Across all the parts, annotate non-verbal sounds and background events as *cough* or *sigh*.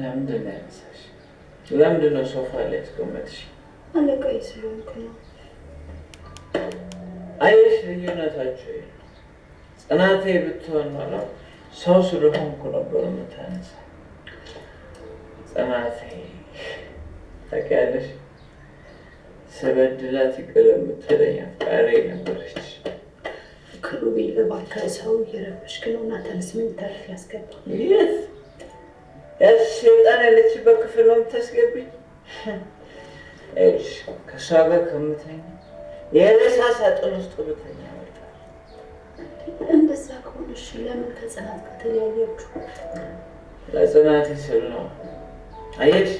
ለምንድን ነው ያነሳሽ? ለምንድን ነው ሶፋ ላይ ያስቀመጥሽ? አለቃዬ ስለሆንኩ ነው። አየሽ፣ ልዩነታቸው ጽናቴ ብትሆን ኖሮ ሰው ስለሆንኩ ነበር የምታነሳ። ጽናቴ ታውቂያለሽ፣ ስበድላት ይቅር የምትለኝ አፍቃሪ ነበረች። ክሩቤል እባክህ ሰው እየረበሽክ ነው እና ተነስ። ምን ታሪፍ ያስገባ ያስ ሴጣን ያለችበት ክፍል ነው የምታስገብኝ። ከእሷ ጋር ከምተኛ የሬሳ ሳጥን ውስጥ ብተኛ እንደዛ ከሆነ እሺ፣ ለምን ከጽናት ጋር ተለያያችሁ? ለጽናት ስል ነው አየሽ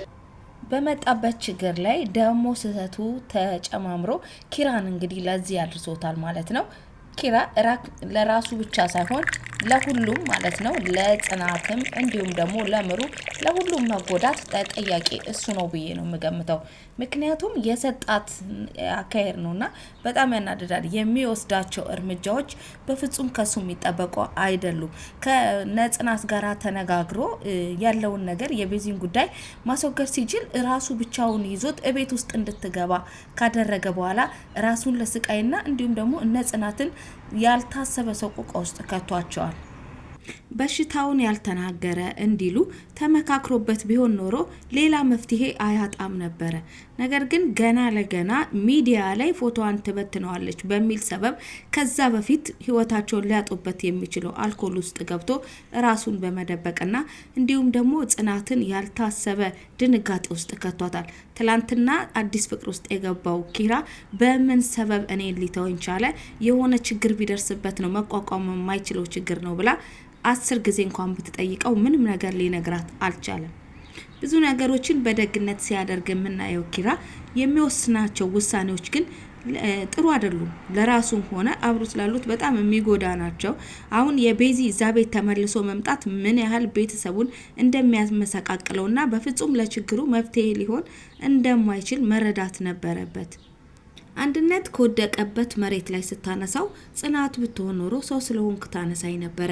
በመጣበት ችግር ላይ ደግሞ ስህተቱ ተጨማምሮ ኪራን እንግዲህ ለዚህ አድርሶታል ማለት ነው። ኪራ ለራሱ ብቻ ሳይሆን ለሁሉም ማለት ነው ለጽናትም እንዲሁም ደግሞ ለምሩ ለሁሉም መጎዳት ተጠያቂ እሱ ነው ብዬ ነው የምገምተው። ምክንያቱም የሰጣት አካሄድ ነው እና በጣም ያናድዳል። የሚወስዳቸው እርምጃዎች በፍጹም ከሱ የሚጠበቁ አይደሉም። ከነጽናት ጋር ተነጋግሮ ያለውን ነገር የቤዚን ጉዳይ ማስወገድ ሲችል ራሱ ብቻውን ይዞት እቤት ውስጥ እንድትገባ ካደረገ በኋላ ራሱን ለስቃይና እንዲሁም ደግሞ እነ ጽናትን ያልታሰበ ሰቆቃ ውስጥ ከቷቸዋል። በሽታውን ያልተናገረ እንዲሉ ተመካክሮበት ቢሆን ኖሮ ሌላ መፍትሄ አያጣም ነበረ። ነገር ግን ገና ለገና ሚዲያ ላይ ፎቶዋን ትበትነዋለች በሚል ሰበብ ከዛ በፊት ህይወታቸውን ሊያጡበት የሚችለው አልኮል ውስጥ ገብቶ ራሱን በመደበቅና እንዲሁም ደግሞ ጽናትን ያልታሰበ ድንጋጤ ውስጥ ከቷታል። ትላንትና አዲስ ፍቅር ውስጥ የገባው ኪራ በምን ሰበብ እኔ ሊተወኝ ቻለ? የሆነ ችግር ቢደርስበት ነው መቋቋም የማይችለው ችግር ነው ብላ አስር ጊዜ እንኳን ብትጠይቀው ምንም ነገር ሊነግራት አልቻለም። ብዙ ነገሮችን በደግነት ሲያደርግ የምናየው ኪራ የሚወስናቸው ውሳኔዎች ግን ጥሩ አይደሉም። ለራሱም ሆነ አብሮ ላሉት በጣም የሚጎዳ ናቸው። አሁን የቤዚ እዛ ቤት ተመልሶ መምጣት ምን ያህል ቤተሰቡን እንደሚያመሰቃቅለውና በፍጹም ለችግሩ መፍትሄ ሊሆን እንደማይችል መረዳት ነበረበት። አንድነት ከወደቀበት መሬት ላይ ስታነሳው ጽናት ብትሆን ኖሮ ሰው ስለሆንክ ታነሳኝ ነበረ፣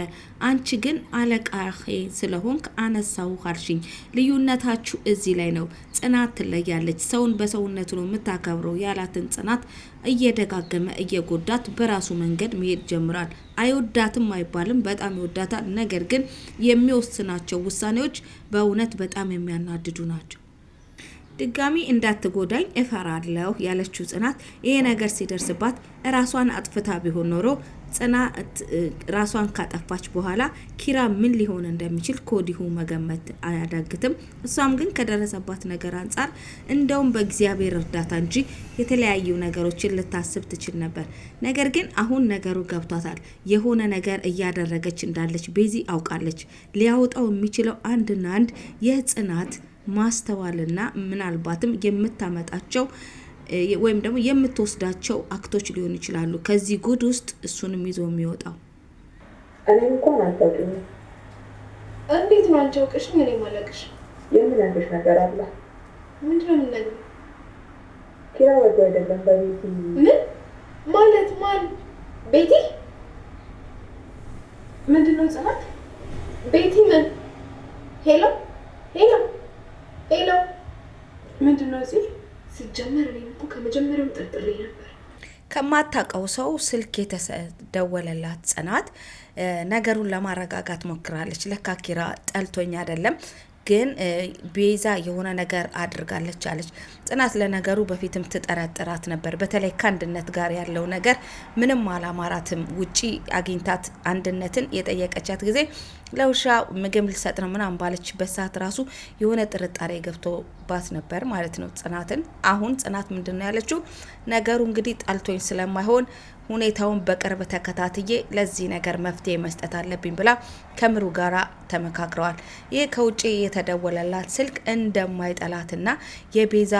አንቺ ግን አለቃሄ ስለሆንክ አነሳው አልሽኝ። ልዩነታችሁ እዚህ ላይ ነው። ጽናት ትለያለች። ሰውን በሰውነቱ ነው የምታከብረው ያላትን ጽናት እየደጋገመ እየጎዳት በራሱ መንገድ መሄድ ጀምራል። አይወዳትም አይባልም፣ በጣም ይወዳታል። ነገር ግን የሚወስናቸው ውሳኔዎች በእውነት በጣም የሚያናድዱ ናቸው። ድጋሚ እንዳትጎዳኝ እፈራለሁ ያለችው ጽናት ይሄ ነገር ሲደርስባት ራሷን አጥፍታ ቢሆን ኖሮ ጽናት ራሷን ካጠፋች በኋላ ኪራ ምን ሊሆን እንደሚችል ከወዲሁ መገመት አያዳግትም። እሷም ግን ከደረሰባት ነገር አንጻር እንደውም በእግዚአብሔር እርዳታ እንጂ የተለያዩ ነገሮችን ልታስብ ትችል ነበር። ነገር ግን አሁን ነገሩ ገብቷታል። የሆነ ነገር እያደረገች እንዳለች ቤዚ አውቃለች። ሊያወጣው የሚችለው አንድና አንድ የጽናት ማስተዋልና ምናልባትም የምታመጣቸው ወይም ደግሞ የምትወስዳቸው አክቶች ሊሆን ይችላሉ። ከዚህ ጉድ ውስጥ እሱንም ይዞ የሚወጣው እኔ እንኳን አታውቂኝ። እንዴት ነው አንቺ አውቀሽ ምን ማለቅሽ? የምናገሽ ነገር አለ? ምንድነው? ምን ነገር ኪራ ወዶ አይደለም በቤት ምን ማለት ማን? ቤቲ ምንድነው? ጽናት ቤቲ ምን? ሄሎ ሄሎ ሌላው ምንድን ነው እዚህ ሲጀመር እኔም እኮ ከመጀመሪያው ነበር። ከማታውቀው ሰው ስልክ የተደወለላት ጽናት ነገሩን ለማረጋጋት ሞክራለች። ለካ ኪራ ጠልቶኝ አይደለም ግን ቤዛ የሆነ ነገር አድርጋለች አለች ጽናት። ለነገሩ በፊትም ትጠረጥራት ነበር። በተለይ ከአንድነት ጋር ያለው ነገር ምንም አላማራትም። ውጪ አግኝታት አንድነትን የጠየቀቻት ጊዜ ለውሻ ምግብ ልሰጥ ነው ምናምን ባለችበት ሰዓት ራሱ የሆነ ጥርጣሬ ገብቶባት ነበር ማለት ነው ጽናትን። አሁን ጽናት ምንድን ነው ያለችው? ነገሩ እንግዲህ ጣልቶኝ ስለማይሆን ሁኔታውን በቅርብ ተከታትዬ ለዚህ ነገር መፍትሄ መስጠት አለብኝ ብላ ከምሩ ጋር ተመካክረዋል። ይህ ከውጭ የተደወለላት ስልክ እንደማይጠላትና የቤዛ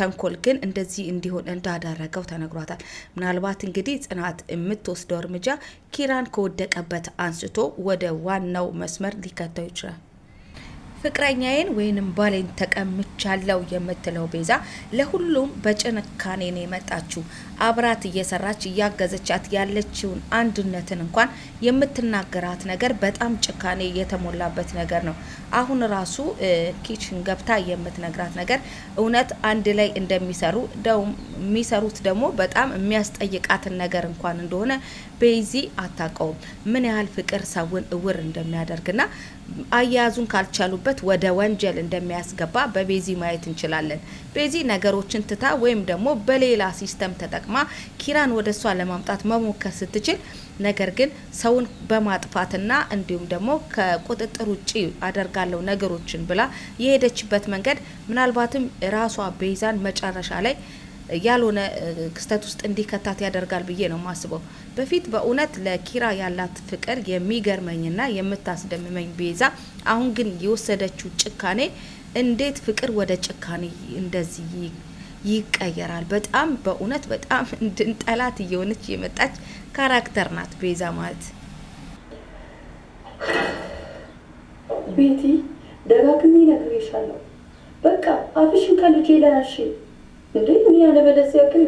ተንኮል ግን እንደዚህ እንዲሆን እንዳደረገው ተነግሯታል። ምናልባት እንግዲህ ጽናት የምትወስደው እርምጃ ኪራን ከወደቀበት አንስቶ ወደ ዋናው መስመር ሊከተው ይችላል። ፍቅረኛዬን ወይንም ባሌን ተቀምቻለው የምትለው ቤዛ ለሁሉም በጭንካኔ ነው የመጣችው። አብራት እየሰራች እያገዘቻት ያለችውን አንድነትን እንኳን የምትናገራት ነገር በጣም ጭካኔ የተሞላበት ነገር ነው። አሁን ራሱ ኪችን ገብታ የምትነግራት ነገር እውነት አንድ ላይ እንደሚሰሩ የሚሰሩት ደግሞ በጣም የሚያስጠይቃትን ነገር እንኳን እንደሆነ ቤዚ አታውቀውም። ምን ያህል ፍቅር ሰውን እውር እንደሚያደርግና አያያዙን ካልቻሉበት ውጥረት ወደ ወንጀል እንደሚያስገባ በቤዚ ማየት እንችላለን። ቤዚ ነገሮችን ትታ ወይም ደግሞ በሌላ ሲስተም ተጠቅማ ኪራን ወደ እሷ ለማምጣት መሞከር ስትችል ነገር ግን ሰውን በማጥፋትና እንዲሁም ደግሞ ከቁጥጥር ውጭ አደርጋለሁ ነገሮችን ብላ የሄደችበት መንገድ ምናልባትም ራሷ ቤዛን መጨረሻ ላይ ያልሆነ ክስተት ውስጥ እንዲከታት ያደርጋል ብዬ ነው ማስበው። በፊት በእውነት ለኪራ ያላት ፍቅር የሚገርመኝና የምታስደምመኝ ቤዛ፣ አሁን ግን የወሰደችው ጭካኔ እንዴት ፍቅር ወደ ጭካኔ እንደዚህ ይቀየራል? በጣም በእውነት በጣም እንድንጠላት *laughs* እየሆነች የመጣች ካራክተር ናት ቤዛ ማለት። ቤቲ ደጋግሜ ነግሬሻለሁ፣ በቃ አፍሽን ከልጄ ላይ እንዴ እኔ ያለበለዚያ ግን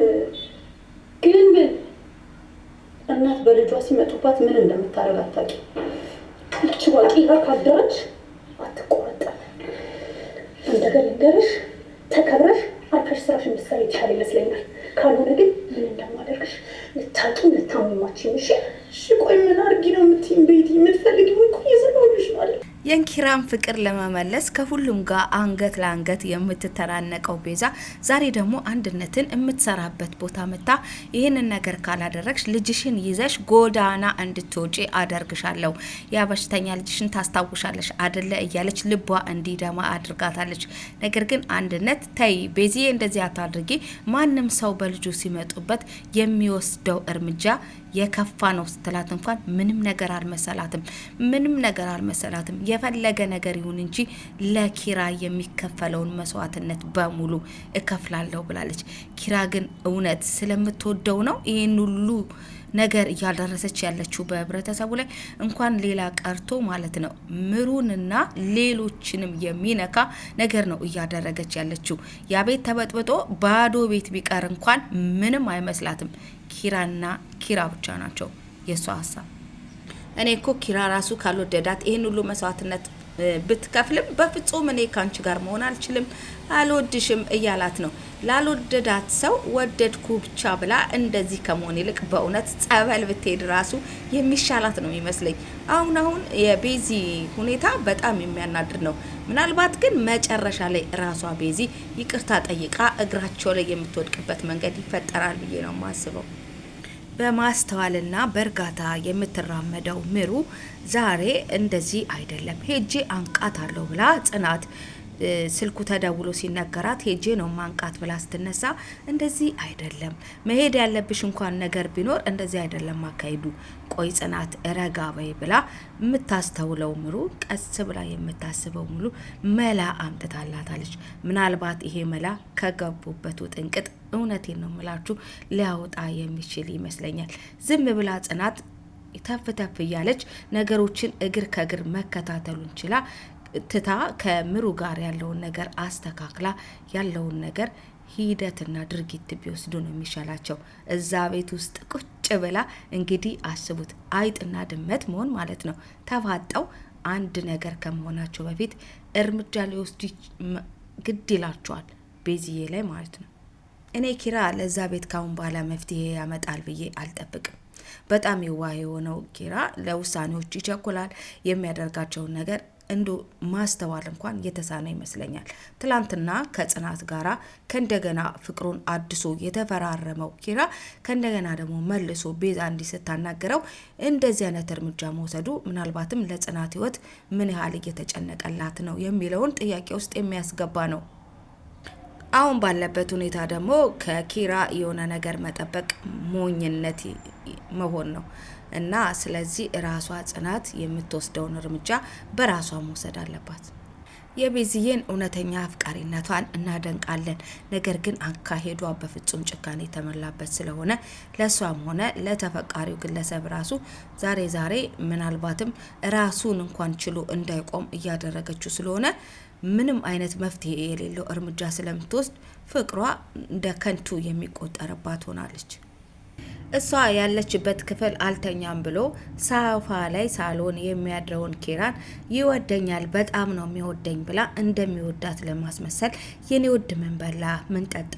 ግን ምን እናት በልጇ ሲመጡባት ምን እንደምታደርግ አታውቂም። ልች ዋቂራ ካደረች አትቆረጠም። እንደገና ልንገርሽ፣ ተከብረሽ አርፈሽ ስራሽ እንድትሰሪ የተሻለ ይመስለኛል። ካልሆነ ግን ምን እንደማደርግሽ ልታቂ ልታመማችን። እሺ እሺ። ቆይ ምን አድርጊ ነው የምትይኝ? ቤት የምትፈልጊውን ወይ ይዘ የንኪራን ፍቅር ለመመለስ ከሁሉም ጋር አንገት ለአንገት የምትተናነቀው ቤዛ ዛሬ ደግሞ አንድነትን የምትሰራበት ቦታ መታ፣ ይህንን ነገር ካላደረግሽ ልጅሽን ይዘሽ ጎዳና እንድትወጪ አደርግሻለሁ፣ ያ በሽተኛ ልጅሽን ታስታውሻለሽ አደለ እያለች ልቧ እንዲደማ አድርጋታለች። ነገር ግን አንድነት ተይ ቤዚዬ፣ እንደዚህ አታድርጊ፣ ማንም ሰው በልጁ ሲመጡበት የሚወስደው እርምጃ የከፋ ነው ስትላት እንኳን ምንም ነገር አልመሰላትም፣ ምንም ነገር አልመሰላትም። የፈለገ ነገር ይሁን እንጂ ለኪራ የሚከፈለውን መስዋዕትነት በሙሉ እከፍላለሁ ብላለች። ኪራ ግን እውነት ስለምትወደው ነው ይህን ሁሉ ነገር እያደረሰች ያለችው በህብረተሰቡ ላይ እንኳን ሌላ ቀርቶ ማለት ነው ምሩንና ሌሎችንም የሚነካ ነገር ነው እያደረገች ያለችው። ያ ቤት ተበጥብጦ ባዶ ቤት ቢቀር እንኳን ምንም አይመስላትም። ኪራና ኪራ ብቻ ናቸው የእሷ ሀሳብ እኔ እኮ ኪራ ራሱ ካልወደዳት ይህን ሁሉ መስዋዕትነት ብትከፍልም በፍጹም እኔ ካንቺ ጋር መሆን አልችልም፣ አልወድሽም እያላት ነው። ላልወደዳት ሰው ወደድኩ ብቻ ብላ እንደዚህ ከመሆን ይልቅ በእውነት ጸበል ብትሄድ ራሱ የሚሻላት ነው የሚመስለኝ። አሁን አሁን የቤዚ ሁኔታ በጣም የሚያናድር ነው። ምናልባት ግን መጨረሻ ላይ ራሷ ቤዚ ይቅርታ ጠይቃ እግራቸው ላይ የምትወድቅበት መንገድ ይፈጠራል ብዬ ነው የማስበው። በማስተዋልና በእርጋታ የምትራመደው ምሩ ዛሬ እንደዚህ አይደለም ሄጄ አለው ብላ ጽናት ስልኩ ተደውሎ ሲነገራት ሄጄ ነው ማንቃት ብላ ስትነሳ እንደዚህ አይደለም መሄድ ያለብሽ እንኳን ነገር ቢኖር እንደዚህ አይደለም አካሄዱ ቆይ ጽናት ረጋ በይ ብላ የምታስተውለው ምሩ ቀስ ብላ የምታስበው ሙሉ መላ አምጥታላታለች። ምናልባት ይሄ መላ ከገቡበት ውጥንቅጥ እውነቴን ነው ምላችሁ ሊያወጣ የሚችል ይመስለኛል። ዝም ብላ ጽናት ተፍ ተፍ እያለች ነገሮችን እግር ከእግር መከታተሉን ችላ ትታ ከምሩ ጋር ያለውን ነገር አስተካክላ ያለውን ነገር ሂደትና ድርጊት ቢወስዱ ነው የሚሻላቸው። እዛ ቤት ውስጥ ቁጭ ብላ እንግዲህ አስቡት፣ አይጥና ድመት መሆን ማለት ነው። ተፋጠው አንድ ነገር ከመሆናቸው በፊት እርምጃ ሊወስዱ ግድ ይላቸዋል፣ ቤዝዬ ላይ ማለት ነው። እኔ ኪራ ለዛ ቤት ካሁን በኋላ መፍትሄ ያመጣል ብዬ አልጠብቅም። በጣም የዋህ የሆነው ኪራ ለውሳኔዎች ይቸኩላል። የሚያደርጋቸውን ነገር እንዶ ማስተዋል እንኳን የተሳነ ይመስለኛል። ትላንትና ከጽናት ጋራ ከእንደገና ፍቅሩን አድሶ የተፈራረመው ኪራ ከእንደገና ደግሞ መልሶ ቤዛ እንዲህ ስታናገረው እንደዚህ አይነት እርምጃ መውሰዱ ምናልባትም ለጽናት ህይወት ምን ያህል እየተጨነቀላት ነው የሚለውን ጥያቄ ውስጥ የሚያስገባ ነው። አሁን ባለበት ሁኔታ ደግሞ ከኪራ የሆነ ነገር መጠበቅ ሞኝነት መሆን ነው እና ስለዚህ ራሷ ጽናት የምትወስደውን እርምጃ በራሷ መውሰድ አለባት። የቤዝዬን እውነተኛ አፍቃሪነቷን እናደንቃለን። ነገር ግን አካሄዷ በፍጹም ጭካኔ የተሞላበት ስለሆነ ለእሷም ሆነ ለተፈቃሪው ግለሰብ ራሱ ዛሬ ዛሬ ምናልባትም ራሱን እንኳን ችሎ እንዳይቆም እያደረገችው ስለሆነ ምንም አይነት መፍትሄ የሌለው እርምጃ ስለምትወስድ ፍቅሯ እንደ ከንቱ የሚቆጠርባት ሆናለች። እሷ ያለችበት ክፍል አልተኛም ብሎ ሳፋ ላይ ሳሎን የሚያድረውን ኪራን ይወደኛል፣ በጣም ነው የሚወደኝ ብላ እንደሚወዳት ለማስመሰል የኔ ውድ ምን በላ ምን ጠጣ፣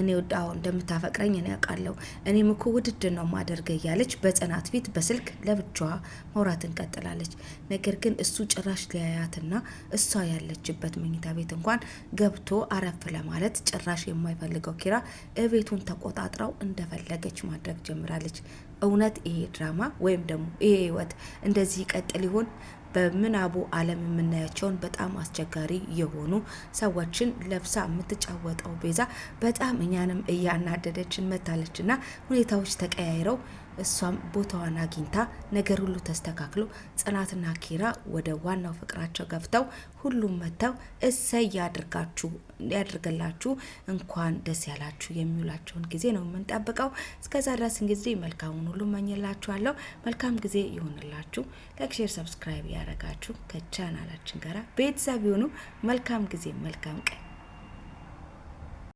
እኔ ውድ አሁን እንደምታፈቅረኝ እኔ ያውቃለሁ፣ እኔ ምኩ ውድድ ነው ማደርገ እያለች በጽናት ፊት በስልክ ለብቻዋ መውራት እንቀጥላለች። ነገር ግን እሱ ጭራሽ ሊያያትና እሷ ያለችበት መኝታ ቤት እንኳን ገብቶ አረፍ ለማለት ጭራሽ የማይፈልገው ኪራ እቤቱን ተቆጣጥረው እንደፈለገች ማድረግ ጀምራለች። እውነት ይሄ ድራማ ወይም ደግሞ ይሄ ህይወት እንደዚህ ይቀጥል ይሆን? በምናቡ ዓለም የምናያቸውን በጣም አስቸጋሪ የሆኑ ሰዎችን ለብሳ የምትጫወተው ቤዛ በጣም እኛንም እያናደደችን መታለች እና ሁኔታዎች ተቀያይረው እሷም ቦታዋን አግኝታ ነገር ሁሉ ተስተካክሎ ጽናትና ኪራ ወደ ዋናው ፍቅራቸው ገብተው ሁሉም መጥተው እሰይ ያድርጋችሁ ያድርግላችሁ እንኳን ደስ ያላችሁ የሚውላቸውን ጊዜ ነው የምንጠብቀው። እስከዛ ድረስ እንግዲህ መልካሙን ሁሉ መኝላችኋለሁ። መልካም ጊዜ ይሆንላችሁ። ላይክ፣ ሼር፣ ሰብስክራይብ ያደረጋችሁ ከቻናላችን ጋር ቤተሰብ ይሁኑ። መልካም ጊዜ፣ መልካም ቀን